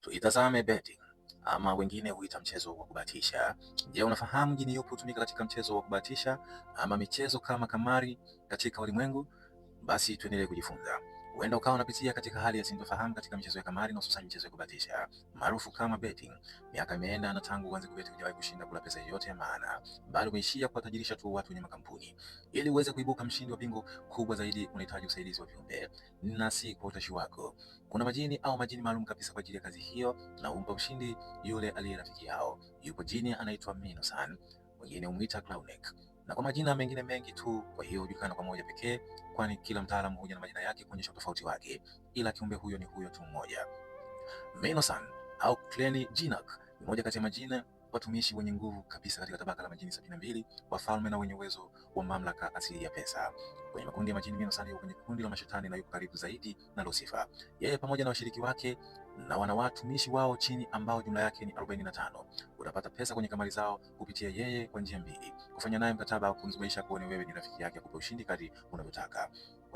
Tuitazame betting ama wengine huita mchezo wa kubahatisha. Je, unafahamu jini yupo hutumika katika mchezo wa kubahatisha ama michezo kama kamari katika ulimwengu? Basi tuendelee kujifunza. Huenda ukawa unapitia katika hali ya sintofahamu katika michezo ya kamari na hususan michezo ya kubatisha maarufu kama betting. Miaka imeenda na tangu uanze kubeti hujawahi kushinda kula pesa yoyote ya maana, bali umeishia kuwatajirisha tu watu wenye makampuni. Ili uweze kuibuka mshindi wa bingo kubwa zaidi, unahitaji usaidizi wa viumbe na si kwa utashi wako. Kuna majini au majini maalum kabisa kwa ajili ya kazi hiyo, na umpa ushindi yule aliye rafiki yao. Yupo jini anaitwa Minosan, wengine humwita Clownek na kwa majina mengine mengi tu. Kwa hiyo hujulikana kwa moja pekee, kwani kila mtaalamu huja na majina yake kuonyesha utofauti wake, ila kiumbe huyo ni huyo tu mmoja. Menosan au Kleni Jinak ni moja kati ya majina watumishi wenye nguvu kabisa katika tabaka la majini sabini na mbili, wafalme na wenye uwezo wa mamlaka asili ya pesa. Kwenye makundi ya majini mino sana, yuko kwenye kundi la mashetani na yuko karibu zaidi na Lucifer. Yeye pamoja na washiriki wake na wana watumishi wao chini ambao jumla yake ni 45. Utapata pesa kwenye kamari zao kupitia yeye kwa njia mbili: kufanya naye mkataba au kumzumaisha kuone wewe ni rafiki yake akupe ushindi kadri unavyotaka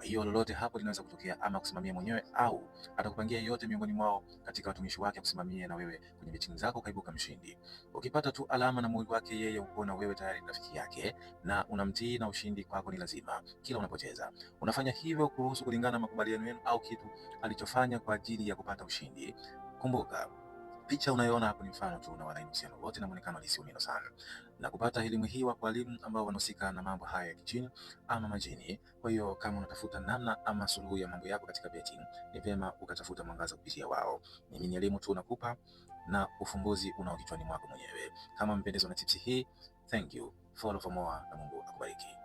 hiyo lolote hapo linaweza kutokea, ama kusimamia mwenyewe au atakupangia yote miongoni mwao katika watumishi wake kusimamia na wewe kwenye betting zako ukaibuka mshindi. Ukipata tu alama na mwili wake yeye ukuona wewe tayari ni rafiki yake na unamtii na ushindi kwako ni lazima. Kila unapocheza unafanya hivyo kuruhusu kulingana na makubaliano yenu au kitu alichofanya kwa ajili ya kupata ushindi. Kumbuka Picha unayoona hapo ni mfano tu na wana uhusiano wote na muonekano halisi wa sana. Na kupata elimu hii wako walimu ambao wanahusika na mambo haya ya kijini ama majini. Kwa hiyo kama unatafuta namna ama suluhu ya mambo yako katika betting, ni vyema ukatafuta mwangaza kupitia wao. Mimi ni elimu tu nakupa na ufumbuzi unao kichwani mwako mwenyewe. Kama mpendezwa na tips hii, thank you. Follow for more na Mungu akubariki.